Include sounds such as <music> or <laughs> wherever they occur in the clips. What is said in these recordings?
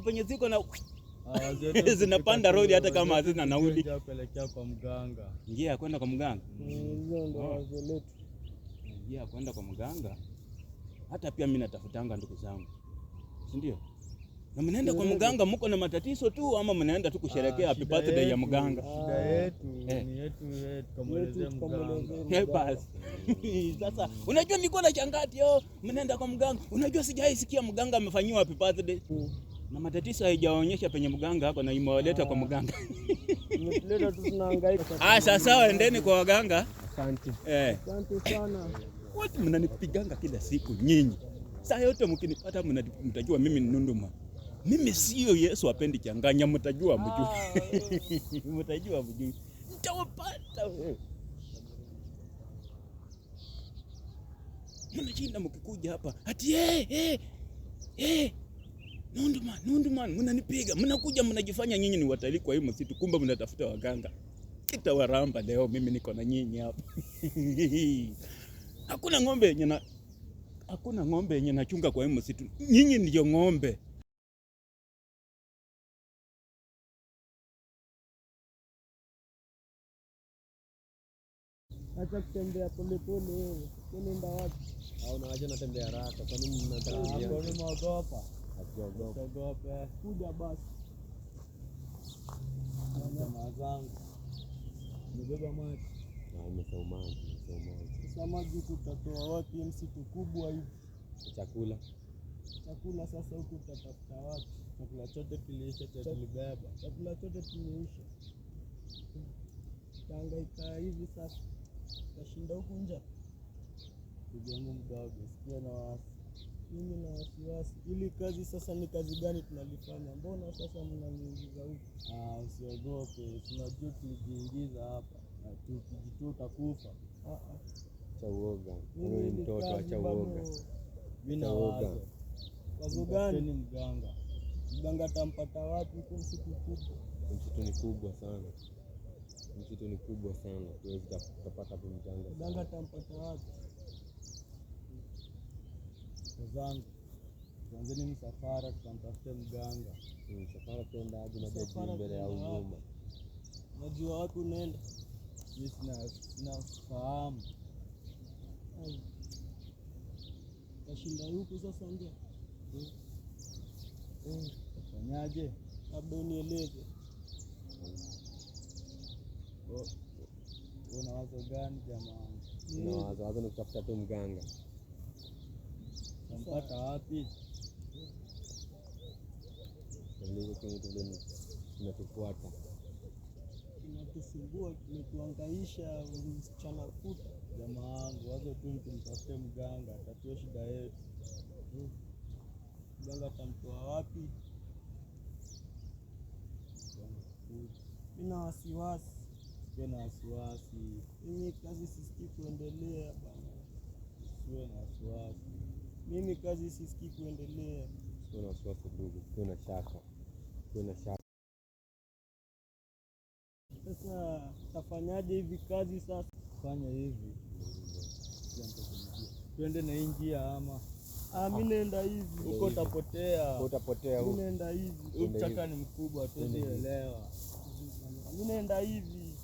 penye ziko na ah, <laughs> zinapanda road hata kama hazina nauli. kwa Njia ya kwenda kwa mganga, mm. Mm, oh. njia ya kwenda kwa mganga. Hata pia mimi natafutanga ndugu zangu, si ndio? Na mnaenda kwa mganga, mko na matatizo tu ama mnaenda tu kusherekea happy birthday ya mganga? Sasa unajua, nilikuwa na changati, oh, mnaenda kwa mganga. Unajua, sijaisikia mganga amefanyiwa happy birthday. Mm na matatizo haijaonyesha penye mganga ako na imewaleta kwa mganga. Ah, sasa endeni kwa waganga. Asante. Eh. Asante sana. Watu mnanipiganga kila siku nyinyi. Saa yote mkinipata mtajua mimi ni Nunduma. Mimi sio Yesu apendi changanya, mtajua mjui. Ah. <laughs> Mtajua mjui. Mtawapata wewe. mkikuja hapa. Ati eh eh eh Nunduman, Nunduman, mnanipiga, mnakuja mnajifanya nyinyi ni watalii kwa hii msitu, kumbe mnatafuta waganga. Itawaramba leo, mimi niko na nyinyi hapa. <laughs> Hakuna ng'ombe yenye na hakuna ng'ombe yenye nachunga kwa hii msitu. Nyinyi ndio ng'ombe. Acha kutembea pole pole wewe. Unaenda wapi? Au ah, unaacha natembea haraka. Kwa nini mnataka? Kwa ah, nini mnaogopa? Usiogope, kuja basi. Jamaa zangu nimebeba maji, sasa maji wapi? Msitu kubwa hivi, chakula chakula sasa huku utatafuta wapi? Chakula chote kiliisha, tulibeba chakula chote tumeisha, tangaika hivi sasa utashinda huku nje. Ndugu mdogo, sikia na wasi mimi na wasiwasi. Ili kazi sasa ni kazi gani tunalifanya? Mbona sasa mnaniingiza huku? Ah, usiogope, tunajua tulijiingiza hapa na tukijitoa utakufa. Acha uoga, ni mtoto, acha uoga. Mimi na wazo. Wazo gani? Ni mganga. Mganga atampata wapi? Huko msitu kubwa. Msitu ni kubwa sana msitu ni kubwa sana, tuwezi tukapata hapo mganga. Mganga atampata wapi? zangu, tuanzeni msafara tukamtafute mganga. Msafara hmm, kwenda aje? Labda mbele ya uzuma, najua wapi unaenda. Sinafahamu tashinda huku sasa, ndio hmm? hmm, tafanyaje? Labda unieleze una wazo gani jamani? Una wazo wazo ni kutafuta tu mganga Tampata wapi? Kinatufuata, kinatusumbua, kimetuangaisha msichana kuta. Jamaa wangu, wazo tu tumtafute mganga atatue shida yetu. Mganga atamtoa wapi? Mina wasiwasi Usiwe na wasiwasi, mimi kazi sisikii kuendelea bana, usiwe na wasiwasi mimi kazi sisikii kuendelea. Kuna wasiwasi ndugu, kuna shaka, kuna shaka. Sasa tafanyaje hivi kazi sasa? Fanya hivi, tuende na hii njia ama Ah, mimi nenda hivi huko, utapotea utapotea. Mimi nenda hivi, uchaka ni mkubwa, tuzielewa. Mimi nenda hivi,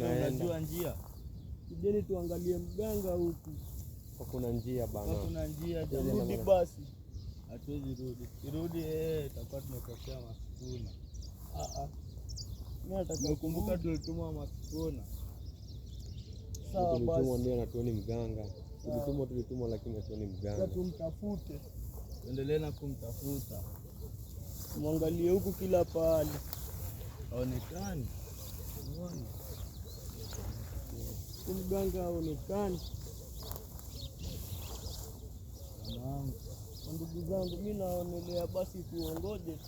unajua njia tujeni tuangalie mganga huku, hakuna njia bana, hakuna njia. Tarudi basi, hatuwezi rudi. Kirudi eh, tutakuwa tumekosea masikuna. Ah, ah. Mimi nataka tulitumwa masikuna. Sawa basi, tulitumwa ndio natuoni mganga, tulitumwa tulitumwa, lakini natuoni mganga. Tumtafute, endelee na kumtafuta, mwangalie huku kila pahali, aonekani. Unaona ni mganga au ni Ndugu zangu, mi naonelea basi tuongoje,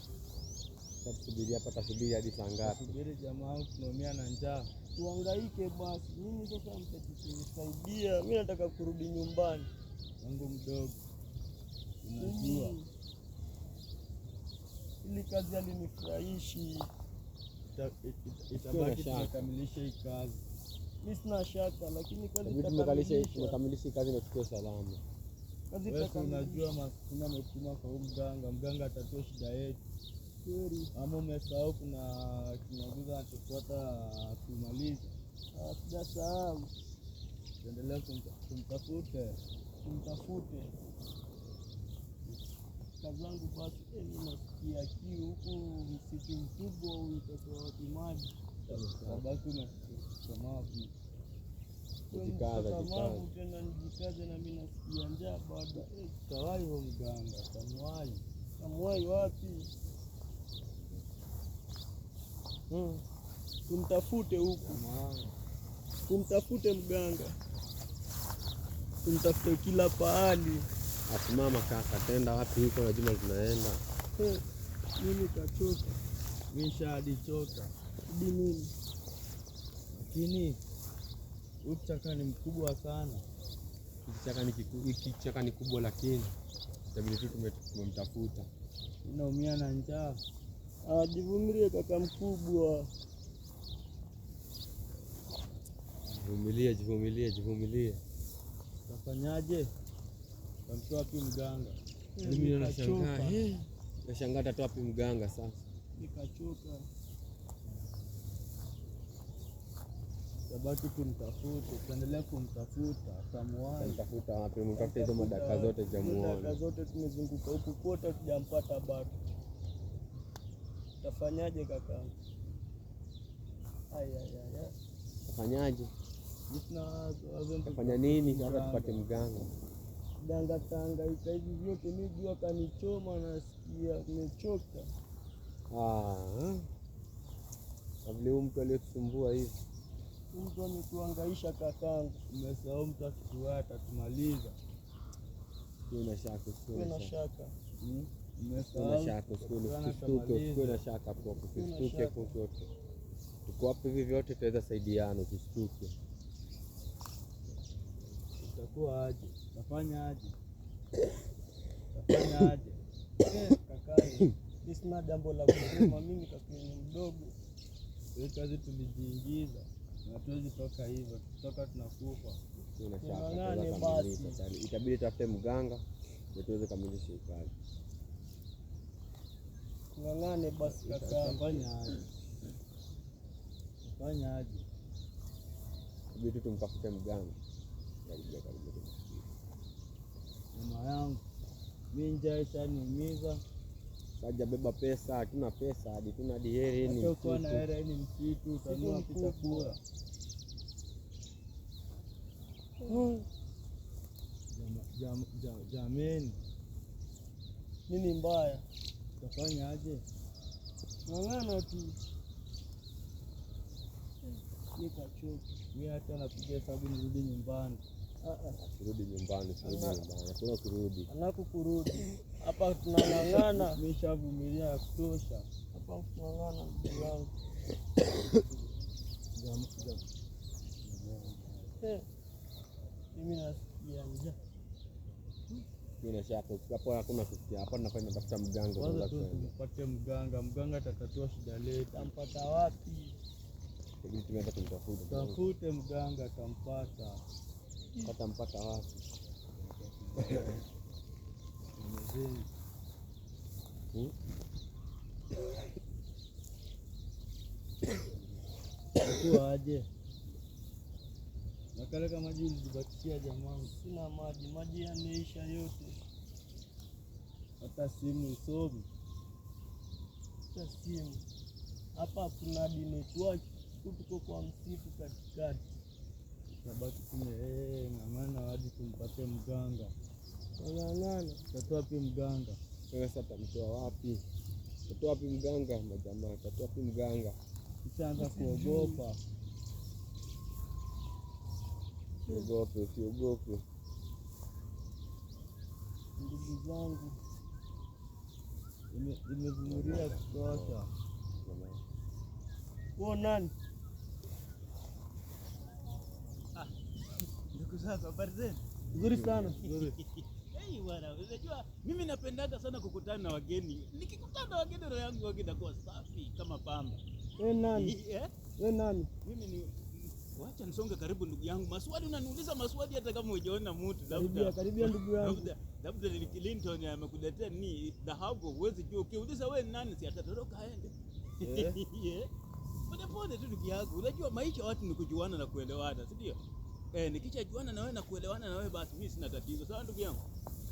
takusubiri hapa, tasubiri hadi saa ngapi? Subiri jamaa, tunaumia na njaa, tuangaike basi. Mimi sasa mtakinisaidia, mi nataka kurudi nyumbani wangu mdogo, unajua ili kazi alinifurahishi, itabaki tukamilishe hii kazi mimi sina shaka, lakini kazi tumekamilisha kazi na tukiwa salama. Kazi unajua maskini ametuma kwa mganga, mganga atatua shida yetu. Kweli Ama umesahau kuna kinaguza anachofuata kumaliza? Ah, sijasahau, endelea kumtafute, kumtafute kazi zangu basi. Eh, mimi nasikia kiu huku msitu mkubwa, utatoa wapi maji? Basi unasikia mchamavu mchamavu tena nijikaze, mimi nasikia njaa bado. Eh, Kawai ho mganga kamwai kamwai wapi? Hmm. Tumtafute huku, tumtafute mganga, tumtafute kila pahali. Asimama kaka, tenda wapi huko na juma zinaenda. Eh, mimi kachoka, shadi choka idi nini lakini huyu kichaka ni mkubwa sana. Kichaka ni kubwa, lakini itabidi tu tumemtafuta. Inaumia na njaa. Jivumilie kaka mkubwa, jivumilie, jivumilie, jivumilie. Tafanyaje? Tamtoa wapi mganga? Mimi nashangaa, nashangaa tatoa wapi mganga sasa? Nikachoka. Tabaki kumtafuta, tuendelea kumtafuta tamuwai, mtafuta wapi? Mtafute hizo madaka zote jamuone, madaka zote tumezunguka huku kote tujampata bado. Tafanyaje kaka? Tafanyaje? Tafanya nini sasa? Tupate mganga danga tangaika hivi vyote, mi jua kanichoma, nasikia nimechoka. Ah, avli ah. mtu aliyetusumbua hivi mtu amekuangaisha kakangu, umesahau mtu akikuwa atatumaliza. na shaka, kuna shaka na shaka hmm? usistuke, kokote tuko hapa, hivi vyote tutaweza saidiana. Usistuke. Utakuwa aje? Utafanya aje? Utafanya aje? Eh, kaka, sina jambo la kusema mimi, kaka mdogo, kazi tulijiingiza Hatuwezi toka hivyo, tukitoka tunakufa. Sina shaka itabidi tafute mganga ndio tuweze kamilisha hii kazi. Ng'ang'ane basi kaka, fanya aje, fanya aje, itabidi tu tumtafute mganga. Karibia karibia, mama yangu, mi njaa ishaniumiza hajabeba pesa, hatuna pesa hadi tuna diheri yaani ni msitu jameni, nini mbaya? Utafanya aje? Ng'ang'ana tu nikachoka mi hata napiga hesabu nirudi nyumbani. Kurudi nyumbani, kurudi nyumbani, kuna kurudi anaku kurudi hapa, tunang'ang'ana. nishavumilia ya kutosha hapa, tunang'ang'ana mtu wangu mimi nasikia njaa hapo hakuna kusikia hapo, nafanya natafuta mganga kwanza tu, tupate mganga. Mganga atatatua shida letu. Tampata wapi? Tafute mganga, tampata Pata mpaka wapi? Aje nakaleka maji ulijibakia jamani, sina maji, maji yameisha yote, hata simu usomi hata simu hapa, kuna dinetwaki, tuko kwa msitu katikati nabaki ee, hey, ng'ang'ana hadi tumpate mganga. Ng'ang'ana tatoa wapi mganga? Sasa tamtoa wapi? Tatoa wapi mganga? Majamaa, tatoa wapi mganga? Kishaanza kuogopa. Usiogope, usiogope ndugu zangu, imevumilia kutosha. Huo nani Ndugu zangu habari zenu? Nzuri sana. <laughs> Hey, bwana, unajua mimi napendaga sana kukutana na wageni. Nikikutana na wageni roho yangu wageni itakuwa safi kama pamba. Wewe nani? <laughs> Eh? Wewe nani? Mimi ni Wacha nisonge karibu ndugu yangu. Maswali unaniuliza maswali hata kama hujaona mtu. Labda karibia ndugu yangu. Labda ni Clinton amekuletea ni dhahabu huwezi jua. Ukiuliza wewe nani si atatoroka aende. Eh? <laughs> eh. Pole pole tu ndugu yangu. Unajua maisha watu ni kujuana na kuelewana, si ndio? eh, juana na wewe na kuelewana na wewe, basi mimi sina tatizo. Sawa ndugu yangu,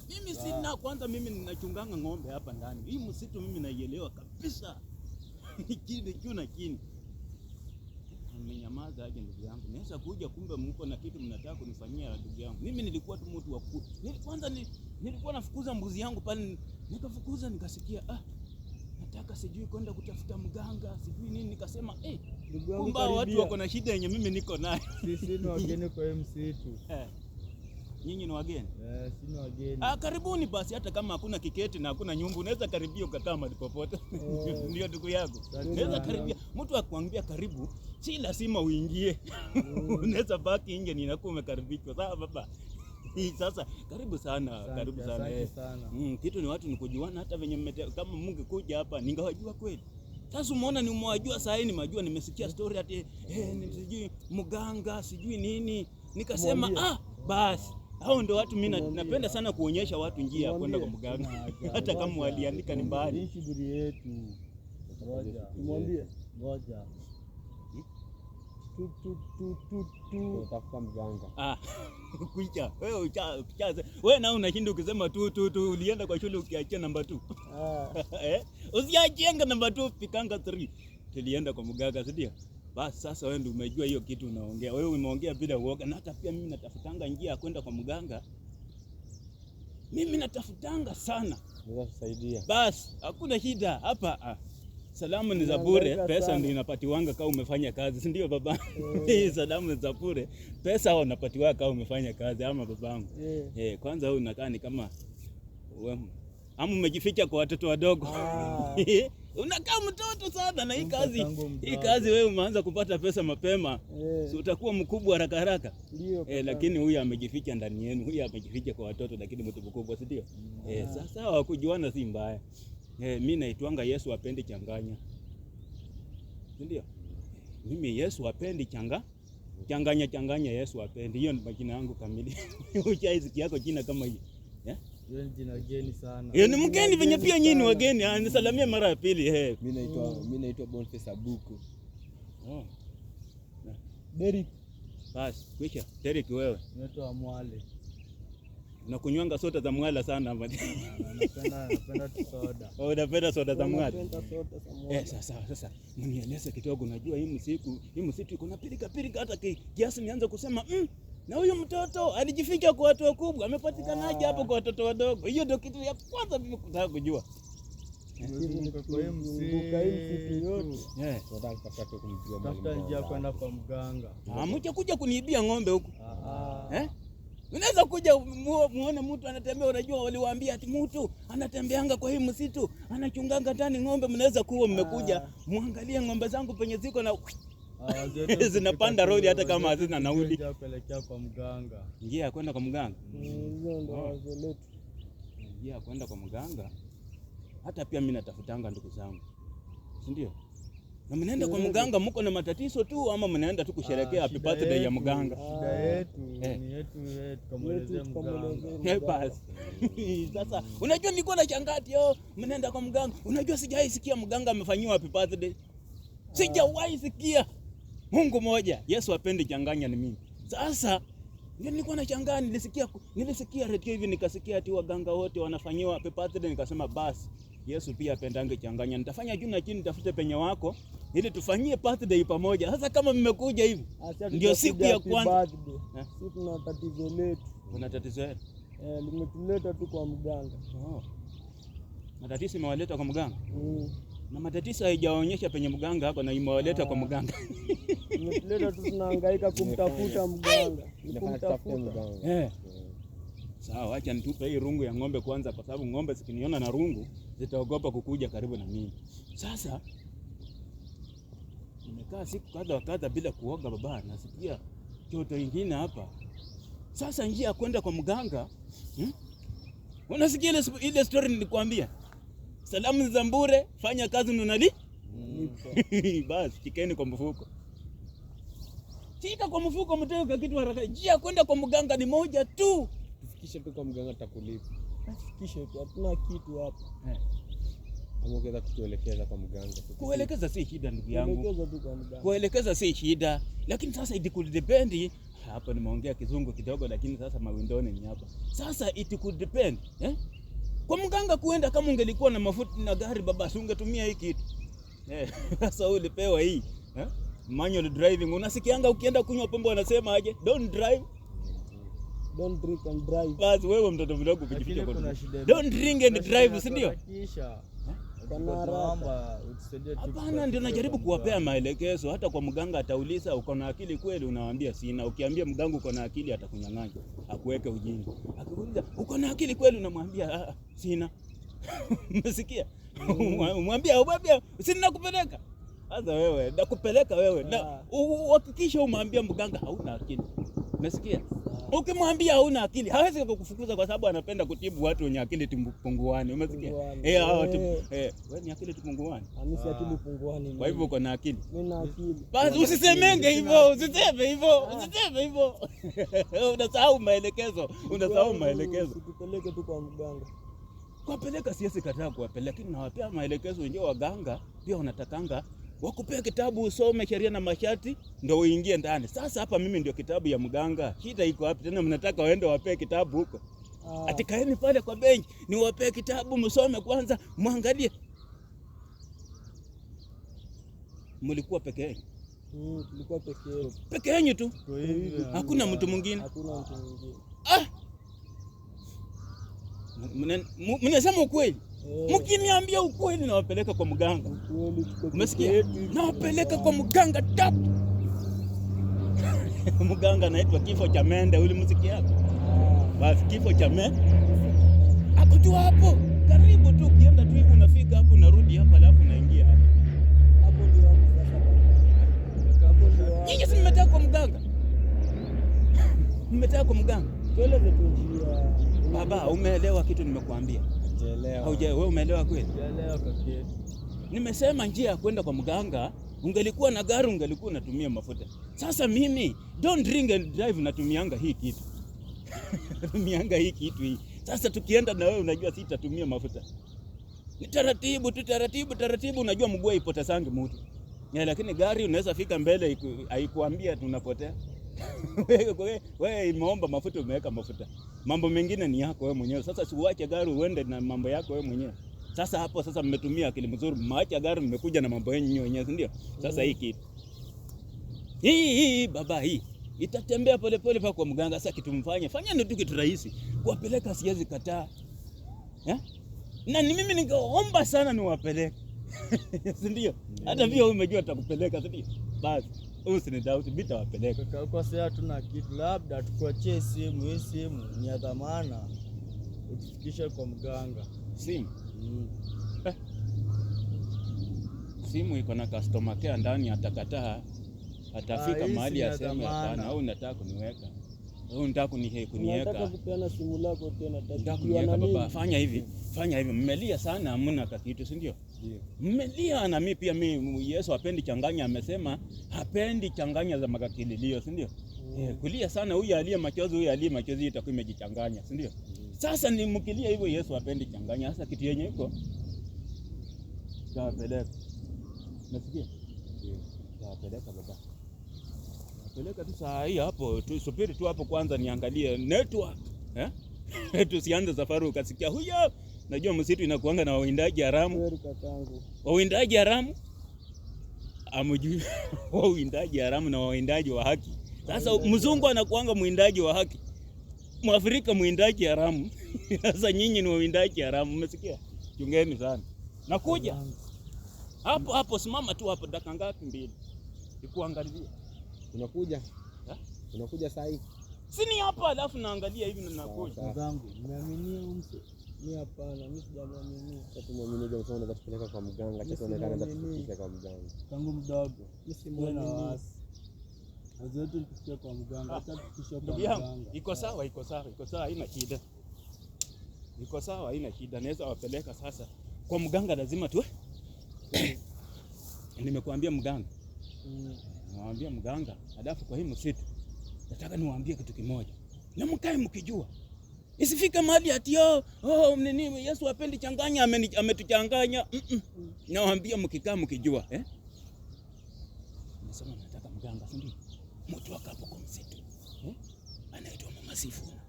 mimi sina kwanza, mimi ninachunganga ng'ombe hapa ndani hii msitu, mimi naielewa kabisa <laughs> nikiwa na kini Mmenyamaza aje ndugu yangu? Naweza kuja, kumbe mko na kitu mnataka kunifanyia ndugu yangu. Mimi nilikuwa tu mtu wa ku kwanza ni, nilikuwa nafukuza mbuzi yangu pale, nikafukuza nikasikia, ah, nataka sijui kwenda kutafuta mganga sijui nini, nikasema eh hey, Kumba watu wako na shida yenye mimi niko nayo. Sisi ni wageni kwa msitu. <laughs> Eh. Nyinyi ni wageni? Eh, sisi ni wageni. Ah, karibuni basi hata kama hakuna kiketi na hakuna nyumba unaweza karibia ukakaa mahali popote. Oh. <laughs> Ndio ndugu yako. Unaweza karibia. Mtu akwambia karibu, si lazima uingie. Mm. <laughs> Unaweza baki nje ni ninakuwa umekaribishwa. Sawa baba. Sasa karibu sana, karibu sana. Eh. Sana. Mm, kitu ni watu ni kujuana hata venye mmete, kama mungekuja hapa ningawajua kweli. Sasa umeona ni mwajua saa hii ni majua nimesikia story ati eh, sijui mganga sijui nini. Nikasema ah, basi hao ndio watu mimi napenda sana kuonyesha watu njia ya kwenda kwa mganga <laughs> <laughs> hata kama waliandika ni mbali. Mwambie ngoja hmm? tu tu tu tu tu. Tafuta mganga. Ah. <laughs> <laughs> kukuicha wewe ucha ucha, wewe na unashinda ukisema tu tu tu, ulienda kwa shule ukiachia namba 2 ah. <laughs> eh, usiachienga namba 2, fikanga 3. Tulienda kwa mganga, sidia Basi sasa wewe ndio umejua hiyo kitu unaongea wewe, umeongea bila uoga. Na hata pia mimi natafutanga njia ya kwenda kwa mganga, mimi natafutanga sana, nitasaidia. Basi hakuna shida hapa ah. Salamu ni za bure, pesa ndio inapatiwanga kama umefanya kazi, si ndio baba? Eh. <laughs> Hii salamu za bure, pesa unapatiwa kama umefanya kazi ama babangu. Eh, hey, eh, kwanza wewe unakaa ni kama ama umejificha kwa watoto wadogo. Ah. <laughs> Unakaa mtoto sana na hii kazi. Hii kazi wewe umeanza kupata pesa mapema. Yeah. Si utakuwa mkubwa haraka haraka. Eh, lakini huyu amejificha ndani yenu, huyu amejificha kwa watoto lakini mtu mkubwa, si ndio? Mm. Eh, sasa hawakujuana si mbaya. Eh, mimi naitwanga Yesu apendi changanya. Ndio. Mimi Yesu apendi changa changanya changanya Yesu apendi. Hiyo ni majina yangu kamili. Uchaisikia <laughs> yako jina kama hiyo. Eh? Hiyo ni jina geni sana. Hiyo eh, ni mgeni venye pia nyinyi ni wageni. Anisalimie ah, mara ya pili. Eh. Mimi naitwa mimi naitwa Boniface Abuku. Oh. Derek. Bas, kwisha. Derek wewe. Naitwa Mwale na kunywanga soda za mwala sana. Unapenda soda za mwala? Eh, sasa sasa mnieleze kidogo. Najua hii msiku hii msitu iko na pilika pilika, hata kiasi nianze kusema mm, na huyu mtoto alijificha kwa watu wakubwa, amepatikanaje hapo kwa watoto wadogo? Hiyo ndio kitu ya kwanza mimi kutaka kujua. Mtakuja eh. ah, kuniibia ng'ombe huku eh? Unaweza kuja muone mtu anatembea, unajua waliwaambia ati mtu anatembeanga kwa hii msitu anachunganga tani ng'ombe, mnaweza kuwa mmekuja ah. mwangalie ng'ombe zangu penye ziko na <laughs> ah, zinapanda rodi hata kama hazina nauli. Njia Ingia kwenda kwa mganga, mm, ah. njia kwenda kwa mganga. Hata pia mimi natafutanga ndugu zangu, si ndio? Na mnaenda kwa mganga mko na matatizo tu ama mnaenda tu kusherekea ah, happy birthday ya mganga? Shida eh. eh. yetu ni yetu yetu, kamuelezee mganga. Eh, <laughs> Sasa unajua nilikuwa na changati yo, oh, mnaenda kwa mganga. Unajua sijawahi sikia mganga amefanyiwa happy birthday. Ah. Sijawahi sikia. Mungu moja, Yesu apende changanya ni mimi. Sasa ndio nilikuwa na nilisikia nilisikia redio hivi nikasikia ati waganga wote wanafanyiwa happy birthday nikasema basi Yesu pia apendange changanya. Nitafanya juu na chini, nitafute penye wako ili tufanyie birthday pamoja. Sasa kama mmekuja hivi, ah, ndio siku ya kwanza. Eh. Sisi tuna tatizo letu. Kuna tatizo letu. Eh, limetuleta tu kwa mganga. Oh. Matatizo imewaleta kwa mganga. Mm. Na matatizo haijaonyesha penye mganga hapo na imewaleta ah, kwa mganga. <laughs> Limetuleta tu tunahangaika kumtafuta mganga. Kumtafuta mganga. Eh. Sawa, acha nitupe hii rungu ya ng'ombe kwanza kwa sababu ng'ombe sikiniona na rungu zitaogopa kukuja karibu na mimi. Sasa nimekaa siku kadha kadha bila kuoga baba, nasikia joto ingine hapa. Sasa njia ya kwenda kwa mganga hmm? Unasikia ile, ile story nilikwambia, salamu za mbure, fanya kazi nunali mm. <laughs> basi chikeni kwa mfuko, tika kwa mfuko, mtoe kitu haraka. Njia kwenda kwa mganga ni moja tu, tufikishe tu kwa mganga, atakulipa Fikishe hatuna kitu hapa. Eh. Ungeweza kutuelekeza kwa mganga. Kuelekeza si shida ndugu yangu, kuelekeza si shida, lakini sasa it could depend. Hapa nimeongea kizungu kidogo, lakini sasa mawindoni ni hapa. Sasa it could depend eh? Kwa mganga kuenda, kama ungelikuwa na mafuta na gari baba, si ungetumia hii kitu eh, <laughs> sasa ulipewa hii eh? Manual driving unasikianga, ukienda kunywa pombe wanasema aje, don't drive Don't drink and drive. Basi wewe mtoto mdogo pikipiki kwa Don't drink and drive, si ndio? Eh? Hapana, ndio najaribu kuwapea maelekezo. Hata kwa mganga atauliza uko na akili kweli, unawaambia sina. Ukiambia mganga uko na akili, atakunyang'anya akuweke ujinga. Akikuuliza uko na akili kweli, unamwambia ah, sina. <laughs> Umesikia? Mm. Umwambia ubabia sina kupeleka. Sasa wewe nakupeleka wewe, na ah. uhakikisha umwambia mganga hauna akili. Umesikia? Ukimwambia hauna akili hawezi kukufukuza kwa sababu anapenda kutibu watu wenye akili timpunguani. Umesikia? Eh, hao watu eh. eh, wewe ni akili timpunguani. Hamisi akili punguani. Ah, kwa hivyo uko na akili. Mimi na akili. Basi usisemenge hivyo, usiseme hivyo, ah. usiseme hivyo. <laughs> Unasahau maelekezo, unasahau yaani, maelekezo. Tupeleke tu kwa mganga. Kuwapeleka siwezi kataa kuwapeleka, lakini nawapea maelekezo wenyewe waganga pia wanatakanga wakupea kitabu usome sheria na masharti ndio uingie ndani. Sasa hapa mimi ndio kitabu ya mganga, shida iko wapi tena? Mnataka waende wapee kitabu huko? Ah, ati kaeni pale kwa benchi niwapee kitabu msome kwanza, mwangalie. Mlikuwa peke yenu? Hmm, tulikuwa peke yenu, peke yenu tu, hakuna mtu mwingine, hakuna mtu mwingine. Ah, mnasema ukweli Oh. Mkiniambia ukweli nawapeleka kwa mganga. Umesikia? Nawapeleka kwa mganga tap. <laughs> Mganga anaitwa kifo cha mende, muziki yako ah. Basi kifo cha mende. Akujua hapo karibu tu, ukienda tu hivi unafika hapo, unarudi hapa, alafu unaingia Hapo hapo ndio. Nyinyi si mmetaka kwa mganga? <laughs> Mmetaka kwa mganga? Baba, umeelewa kitu nimekuambia? Wewe umeelewa kweli? Nimesema njia ya kwenda kwa mganga, ungelikuwa na gari ungelikuwa unatumia mafuta. Sasa mimi don't drink and drive, natumianga hii kitu <laughs> natumianga hii kitu hii. Sasa tukienda na wewe, unajua sitatumia mafuta, ni taratibu tu, taratibu taratibu. Unajua mguu ipotesangi mutu, eh, lakini gari unaweza fika mbele, haikuambia tunapotea wewe imeomba mafuta, umeweka mafuta, mambo mengine ni yako wewe mwenyewe. Sasa siuache gari uende na mambo yako wewe mwenyewe. Sasa hapo sasa mmetumia akili mzuri, mmeacha gari, mmekuja na mambo yenu wenyewe, ndio? Sasa hii kitu hii hii baba hii itatembea polepole pale kwa mganga. Sasa kitumfanye fanya ndio tu kitu rahisi, kuwapeleka siwezi kataa yeah? na ni mimi ningeomba sana niwapeleke <laughs> si ndio? hata vile mm. umejua atakupeleka, si ndio? basi usinidauti, bitawapeleka kwa sasa. Hatuna kitu, labda tukuachie simu. Hii simu ni ya dhamana, utufikishe kwa mganga. Simu mm. Eh. simu iko na customer care ndani, atakataa atafika ah, mahali aseme hapana, au unataka kuniweka au unataka kuniweka simu lako tena, baba. Fanya hivi, fanya hivi, mmelia sana, hamna kakitu, si ndio? mmelia na mimi pia mimi. Yesu hapendi changanya, amesema hapendi changanya za makakililio, si ndio? Mm. Eh, kulia sana huyu aliye machozi, huyu aliye machozi itakuwa imejichanganya, si ndio? Mm. Sasa ni mkilia hivyo, Yesu hapendi changanya. Sasa kitu yenye iko tapeleka, nasikia tapeleka baba, tapeleka tu saa hii hapo tu, subiri tu hapo kwanza niangalie network eh, <laughs> tusianze safari ukasikia huyo Najua msitu inakuanga na wawindaji haramu, wawindaji haramu amjui <laughs> wawindaji haramu na wawindaji wa haki. Sasa mzungu anakuanga mwindaji wa haki, mwafrika mwindaji haramu. <laughs> Sasa nyinyi ni wawindaji haramu, umesikia? Chungeni sana. Nakuja hapo hapo, simama tu hapo, dakika ngapi? Mbili nikuangalia. Unakuja Unakuja saa hii sini hapa, alafu naangalia hivi na nakuja. Mzangu, nimeamini mtu. Mimi hapana, mimi sijamwamini. Sasa muamini Johnson anaweza kupeleka kwa mganga, sasa anaonekana anaweza kwa mganga. Tangu mdogo, mimi simuoni na wasi. Wazo wetu kwa mganga, acha ah, tufikishe kwa mganga. Iko sawa, iko sawa, iko sawa, haina shida. Iko sawa, haina shida. Naweza wapeleka sasa kwa mganga, lazima tu eh. <coughs> nimekuambia mganga. Mm. mganga, alafu kwa hii msitu nataka niwaambie kitu kimoja, na mkae mkijua Isifike mali ati oh, oh nini Yesu apendi changanya ametuchanganya. Mm -mm. Nawaambia mkikaa mkijua eh? Nasema nataka mganga si ndio? Mtu akapo kwa msitu. Eh? Anaitwa Mama Sifuna.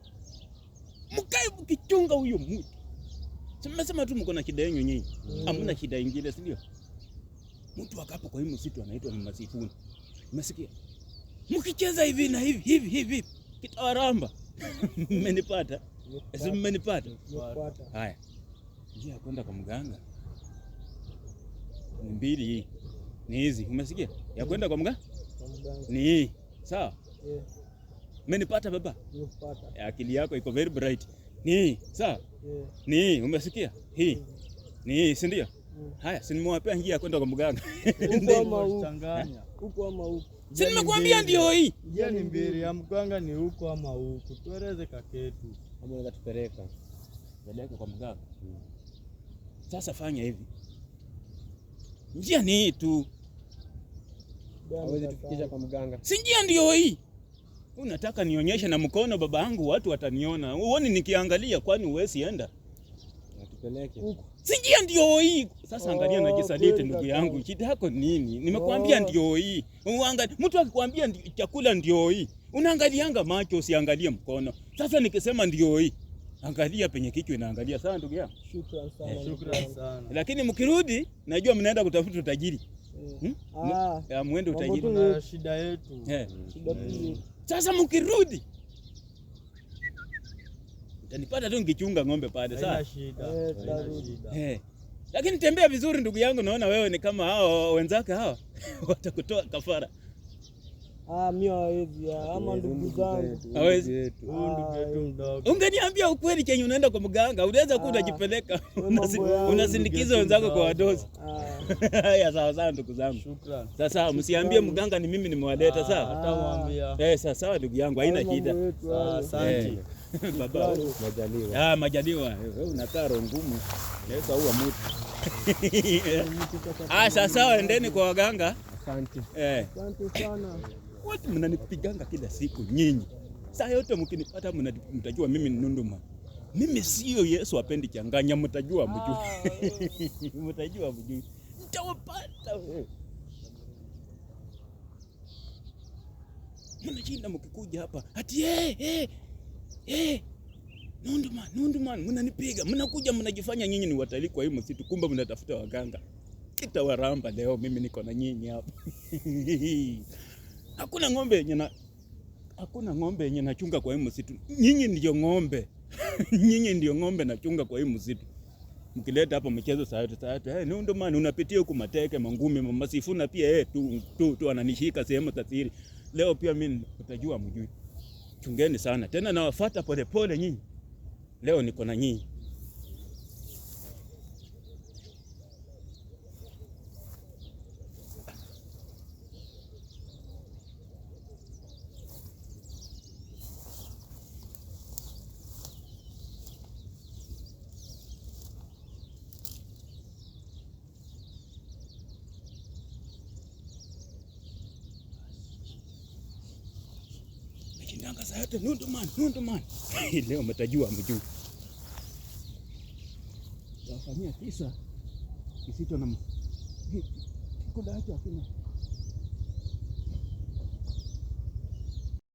Mkae mkichunga huyo mtu. Simesema tu mko na shida yenu nyinyi. Mm. Hamna shida nyingine si ndio? Mtu akapo kwa hiyo msitu anaitwa Mama Sifuna. Umesikia? Mkicheza hivi na hivi hivi hivi. Kitawaramba. <laughs> Mmenipata? si mmenipata? Haya, njia ya kwenda kwa mganga ni mbili, hii ni hizi, umesikia? Ya mm. kwenda kwa mganga ni hii, sawa? Mmenipata baba? Akili yako iko very bright. Ni hii, sawa? Ni hii, umesikia? Hii mm. ni hii, si ndio? Mm. Haya, si nimewapea njia ya kwenda kwa mganga huko ama huko <laughs> Si yaani nimekuambia ndio hii. Njia ni mbili, ya mganga ni huko ama huko. Tueleze kaka yetu. Ama unaweza tupeleka. kwa mganga. Hmm. Sasa fanya hivi. Njia ni hii tu. Hawezi tufikisha kwa mganga. Si njia ndio hii. Unataka nionyeshe na mkono baba yangu watu wataniona. Uone nikiangalia kwani uwezi enda. Tupeleke. Huko. Sijia ndio hii. Sasa angalia na oh, jisalite ndugu yangu. Shida yako nini? Nimekuambia oh. ndio hii. Uangalie mtu akikwambia chakula ndio hii. Unaangalianga macho usiangalie mkono. Sasa nikisema ndio hii. Angalia penye kichwa inaangalia sana ndugu yangu. Shukrani sana. Eh, shukrani sana. Lakini mkirudi najua mnaenda kutafuta utajiri. Eh. Hmm? Ah, muende utajiri. na shida yetu. Eh. Shida yetu. Sasa mkirudi Tanipata tu ngichunga ng'ombe pale sawa. Eh, eh. Lakini tembea vizuri ndugu yangu, naona wewe ni kama hao wenzake hao <laughs> watakutoa kafara. Ah, ungeniambia ukweli chenye unaenda kwa mganga, unaweza kuwa ah, unajipeleka <laughs> unasindikiza wenzako kwa wadozi. Ah. Haya, sawa sawa ndugu zangu. Shukrani. Sasa msiambie mganga ni mimi nimewaleta sawa? Ah, eh, sawa sawa ndugu yangu, haina shida. Asante. Eh. Baba majaliwa. Ah, majaliwa. Wewe unakaa roho ngumu. Naweza ua mtu. <laughs> Ah, sasa endeni kwa waganga. Asante. Eh. Asante sana. Wote mnanipiganga kila siku nyinyi. Saa yote mkinipata mtajua mimi ni Nunduma. Mimi sio Yesu apendi changanya, mtajua ah, mjui. <laughs> Mtajua mjui. Mtawapata wewe. Mnashinda mkikuja hapa. Ati eh eh hey, eh, Nunduman, Nunduman, mnanipiga, mnakuja mnajifanya nyinyi ni watalii kwa hii msitu, kumbe mnatafuta waganga. Kita waramba leo mimi niko na nyinyi hapa. <laughs> Hakuna ng'ombe yenye na hakuna ng'ombe yenye nachunga kwa hii msitu. Nyinyi ndio ng'ombe. <laughs> Nyinyi ndio ng'ombe nachunga kwa hii msitu. Mkileta hapa michezo saa yote saa yote, hey, eh, Nunduman unapitia huku mateke, mangumi, mama Sifuna pia, hey, eh, tu, tu, tu ananishika sehemu tasiri. Leo pia mimi utajua mjui chungeni sana tena, nawafuata polepole nyinyi. Leo niko na nyinyi. nondo man <laughs> leo mtajua mjuu wafanyia kisa kisicho na <laughs> kudacho akina